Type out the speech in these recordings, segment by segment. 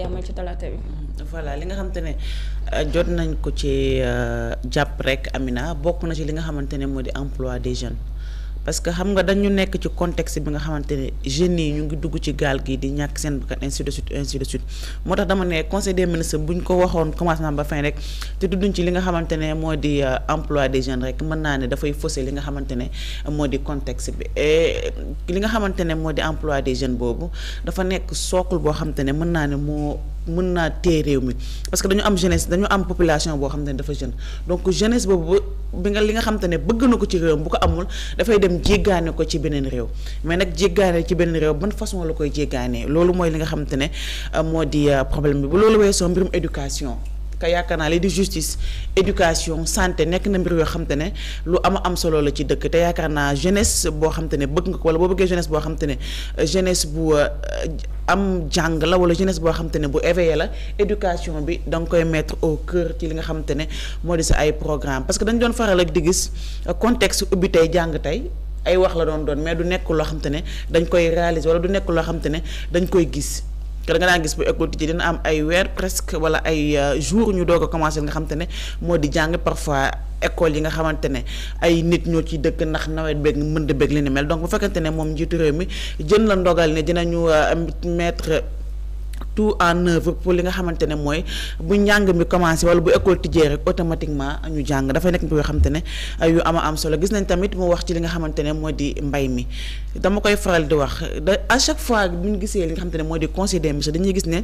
di amal ci talaata bi. voilà li nga xamante ne euh, jot nañ ko ci euh, jàpp rek Amina bokk na ci li nga xamante ne moo di emploi des jeunes. parce que xam nga dañu nekk ci contexte bi nga xamante ne jeunes yi ñu ngi dugg ci gaal gi di ñàkk seen bakkan ainsi de suite ainsi de suite moo tax dama ne conseil des ministres bu ñu ko waxoon commencement ba fin rek te tudduñ ci li nga xamante ne moo di euh, emploi des jeunes rek mën naa ne dafay faussé li nga xamante ne moo di contexte bi et li nga xamante ne moo di emploi des jeunes boobu dafa nekk socle boo xamante ne mën naa ne moo mën naa téye réew mi parce que dañu am jeunesse dañu am population boo xam ne dafa jeune donc jeunesse boobu bi nga li nga xam ne bëgg na ko ci réew bu ko amul dafay dem jéggaane ko ci beneen réew mais nag jéggaane ci beneen réew ban façon la koy jéggaane loolu mooy li nga xam ne euh, moo di euh, problème bi bu loolu weesoo mbirum éducation ka yaakaar naa lii di justice éducation santé nekk na mbir yoo xam ne lu am am solo la ci dëkk te yaakaar naa jeunesse boo xam ne bëgg nga ko wala boo bëggee jeunesse boo xam ne euh, jeunesse bu euh, am jàng la wala jeunesse boo xam ne bu éveillé la éducation bi da nga koy mettre au cœur ci li nga xam ne moo di sa ay programme parce que dañ doon faral ak di gis euh, contexte ubbi tey jàng tey ay wax la doon doon mais du nekk loo xam ne dañ koy réaliser wala du nekk loo xam ne dañ koy gis que da nga daan gis bu école tijji dina am ay weer presque wala ay euh, jour ñu doog a commencé nga xam ne moo di jàng parfois école yi nga xamante ne ay nit ñoo ci dëkk ndax nawet beeg mënd beeg li ni mel donc bu fekkente ne moom njiitu réew mi jën la ndogal ne dinañu euh, mettre. tout en œuvre pour li nga xamante ne mooy bu njàng mi commencé wala bu école tijjee rek automatiquement ñu jàng dafay nekk yoo xamante ne euh, yu am solo gis nañ tamit mu wax ci li nga xamante ne moo di mbay mi dama koy faral di wax da fois bu ñu gisee li nga xamante ne moo di conseil des ministres dañuy gis ne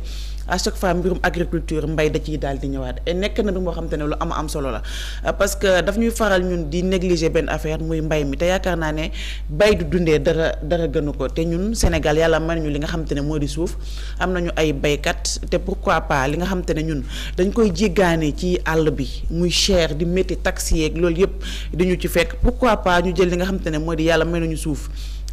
à chaque fois mbirum da ciy daal di ñëwaat nekk na bi moo ne lu ama am solo la euh, parce que daf ñuy faral ñun di négliger benn affaire muy mbay mi te yaakaar naa ne bay du dundee dara dara gënu ko te ñun Sénégal yàlla may ñu li nga xamante ne moo di suuf am nañu ay baykat te pourquoi pas li nga xam ne ñun dañ koy jigaane ci àll bi muy cher di métti taxi yeeg loolu yëpp dañu ci fekk pourquoi pas ñu jël li nga xam te ne moo di yàlla may nañu suuf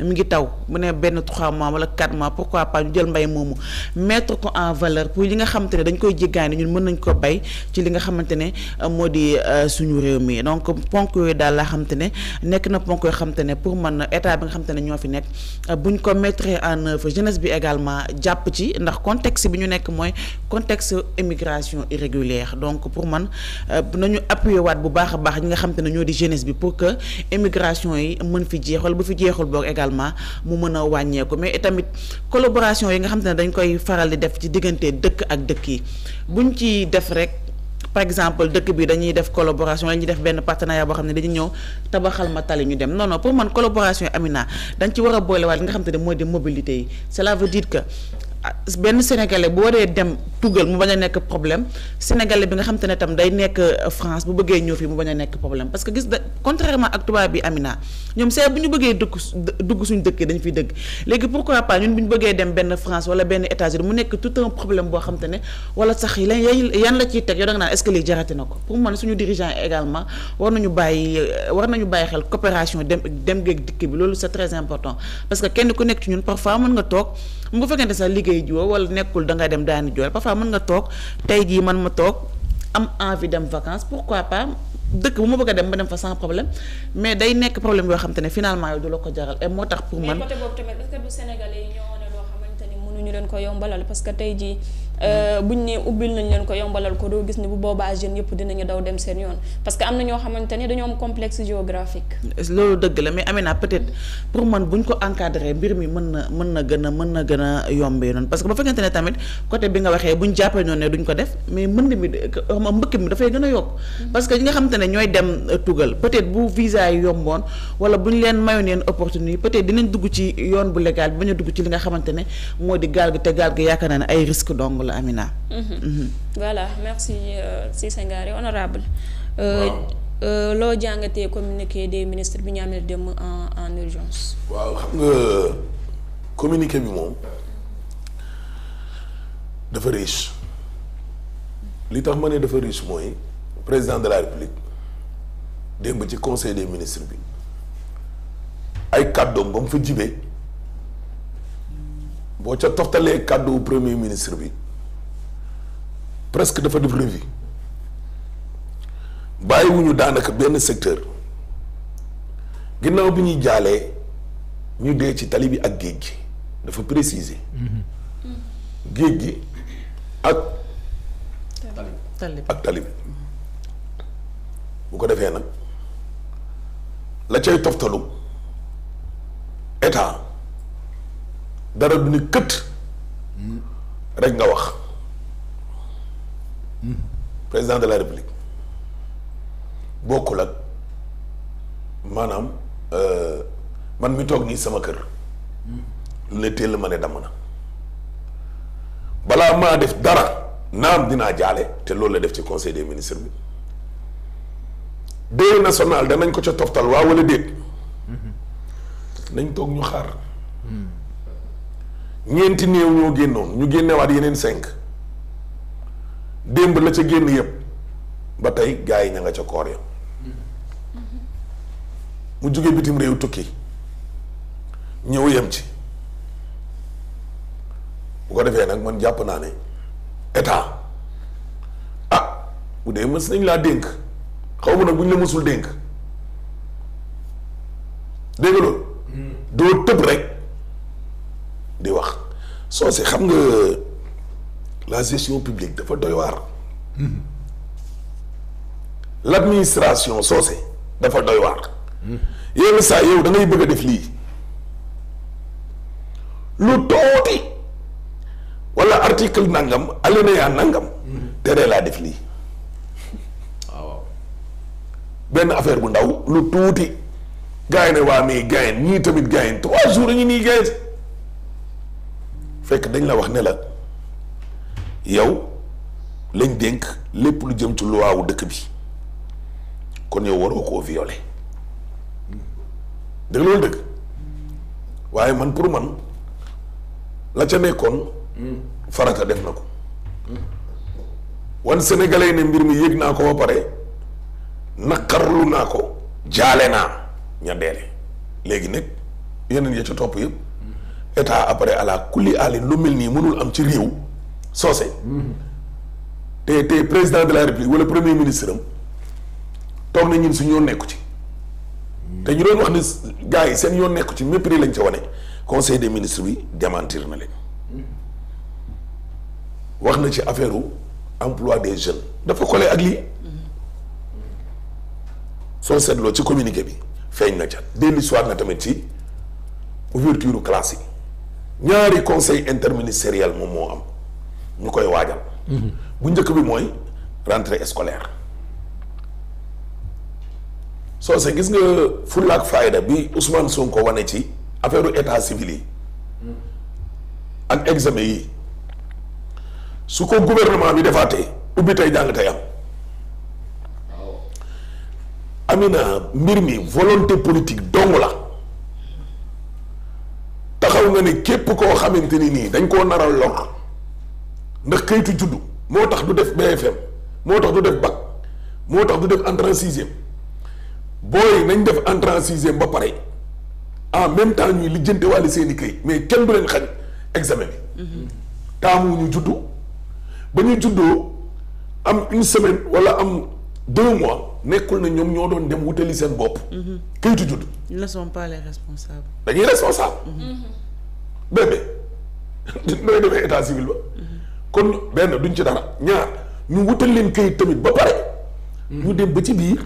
mi ngi taw mu ne benn 3 mois wala 4 mois pourquoi pas ñu jël mbay moomu mettre ko en valeur pour li nga xamante ne dañ koy jéggaani ñun mën nañ ko bay ci li nga xamante ne euh, moo di euh, suñu réew mi donc ponk yooyu daal laa xamante ne nekk na ponk yoo xamante ne pour man état bi nga xamante ne ñoo fi nekk euh, buñ ko mettre en œuvre jeunesse bi également jàpp ci ndax contexte bi ñu nekk mooy contexte immigration irrégulière donc pour man nañu appuyer waat bu baax a baax ñi nga xamante ne ñoo di jeunesse bi pour que immigration yi mën fi jeex wala fi jeexul boog localement mu mën a wàññeeku mais tamit collaboration yi nga xam ne dañ koy faral di def ci diggante dëkk ak dëkk yi buñ ci def rek par exemple dëkk bi dañuy def collaboration dañuy def benn partenariat boo xam ne dañu ñëw tabaxal ma tali ñu dem non non pour man collaboration Amina dañ ci war a boolewaat li nga xam te ne mooy di mobilité yi cela veut dire que ah, benn sénégalais boo dee dem. tugal mu bañ a nekk problème sénégalais bi nga xam te ne tam day nekk euh, France bu bëggee ñëw fii mu bañ a nekk problème parce que gis da contrairement ak tubaab bi Amina ñoom see bu ñu bëggee dëkk dugg suñu dëkk dañ fiy dëgg léegi pourquoi pas ñun bu ñu bëggee dem benn France wala benn États-Unis mu nekk tout un problème boo xam te sax yan la ciy teg yow da nga naan est ko pour man suñu dirigeant également war nañu bàyyi euh, fois mën nga toog tey jii man ma toog am envie dem vacances pourquoi pas dëkk bu ma bëgg a dem ba dem fa sans problème mais day nekk problème yoo xam te ne finalement yow du la ko jaral et moo tax pour man. mais côté du Sénégalais yi ñoo wane loo xamante ni mënuñu leen ko yombalal parce que tey Euh, buñ ne ubbil nañ leen ko yombalal ko doo gis ne bu boobaa jeunes yëpp dinañu daw dem seen yoon parce que am na ñoo xamante ni dañoo am complexe géographique. loolu dëgg la mais Amina peut-être pour man buñ ko encadrer mbir mi mën na mën na gën a mën na gën a yombee noonu parce que ba fekkente ne tamit côté bi nga waxee buñ jàppee noonu ne duñ ko def mais mën na mi euh, mbëkk mi dafay gën a yokk mm-hmm. parce que ñi nga xamante ne ñooy dem euh, tugal peut-être bu visa yi yomboon wala buñ leen mayoon yenn opportunité peut-être dinañ dugg ci yoon bu légal dugg ci li nga xamante ne moo di gaal gi te gaal yaakaar naa ne ay risque dong Mhm. Mhm. Euh, honorable merci euh, euh, loo jàngatee communiqué des ministres bi ñu amee dem en urgence. waaw xam nga communiqué bi moom dafa riche li tax ma ne dafa riche mooy président de la république démb ci conseil des ministres bi ay kàddoom ba mu fa jibee boo ca toftalee kàddu premier ministre bi. presque dafa def revue bàyyiwuñu daanaka benn secteur ginnaaw bi ñuy jaalee ñu dee ci tali bi ak géej gi dafa préciser mm. géej gi ak ak tali bu ko defee nag la cay toftalu état dara du ni kët mm. rek nga wax président de la république bokkul ak maanaam euh, man mi toog nii sama kër lu ne teel ma ne dama na balaa maa def dara naam dinaa jaale te loolu la def ci conseil des ministres bi deuil national danañ ko ca toftal waa wala déet nañ toog ñu xaar hmm. ñeenti néew ñoo génnoon ñu génnewaat yeneen cinq démb la ca génn yëpp ba tey gars yi ña nga ca koor ya mu jóge bitim réew tukki ñëw yem ci bu ko defee nag man jàpp naa ne état ah bu dee mës nañ laa dénk xaw ma nag bu ñu la mësul dénk dégg loolu hmm. doo tëb rek di wax soo si xam nga la gestion publique dafa doy waar. l' administration soose dafa doy waar. yenn saa yow da ngay bëgg a def lii lu tooti wala article nangam alinéa nangam. teree laa def lii. Ah, waaw benn affaire bu ndaw lu tuuti. gars yi ne waa mais gars ñii tamit gars yi trois jours yi nii gars fekk dañ la wax ne yow lañ dénk lépp lu jëm ci loi wu dëkk bi kon yow waroo koo violer dëgg loolu dëgg waaye man pour man la ca nekkoon farata def na ko wan sénégalais yi ne mbir mi yëg naa ko ba pare naqarlu naa ko jaale naa ña deele léegi nag yeneen ya ca topp yëpp état après à la kulli alin mel nii mënul am ci réew soose te te président de la république wala premier ministre am toog na ñun su ñoo nekku ci te ñu doon wax ni gars yi seen yoon nekku ci mépris lañ ca wane conseil des ministres bi démentir na leen wax na ci affaire u emploi des jeunes dafa collé ak lii soo seetloo ci communiqué bi feeñ na ca dellu soit na tamit ci ouverture classe yi ñaari conseil interministériel moom moo am ñu koy waajal. Mhm. bu njëkk bi mooy rentrée scolaire. soo se gis nga fulla ak fayda bi Ousmane Sonko wane ci affaire état civil yi. ak examen yi su ko gouvernement bi defaatee ubbi tey jàng am. Amina mbir mi volonté politique dong la taxaw nga ni képp koo xamante ni nii dañ koo naral lor. ndax kayitu juddu moo tax du def BFM moo tax du def bac moo tax du def entrée en sixième booy nañ def entrée en sixième ba pare en même temps ñuy lijjante wàll seeni kayit mais kenn du leen xañ examen bi. Mm-hmm. taamu ñu juddu ba ñu juddoo am une semaine wala am deux mois nekkul na ñoom ñoo doon dem wutali seen bopp. Mm-hmm. kayitu juddu. ils ne sont pas les responsables. dañuy responsable. Mm-hmm. bébé nooy demee état civil ba. kon benn duñ ci dara ñaar ñu wutal leen kayit tamit ba pare. ñu dem ba ci biir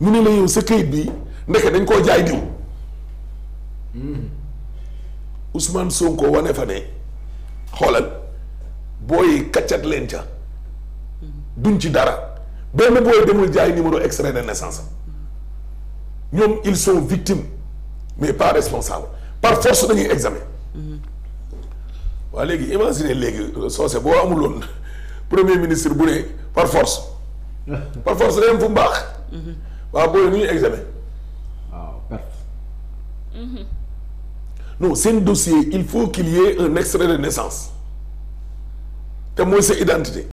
ñu ne la yow sa kayit bi ndeke dañ koo jaay diw. Hmm. Ousmane Sonko wane fa ne xoolal booy kaccat leen ca hmm. duñ ci dara benn booy demul jaay numéro extrait de naissance hmm. ñoom ils sont victimes mais pas responsables par force dañuy examen. waa léegi imagine léegi soose boo amul woon premier ministre bu ne par force par force day am fu mu baax mm-hmm. waaw booy nu ñuy examen waaw perte mm-hmm. non seen dossier il faut qu'il y ait un extrait de naissance te mooy sa identité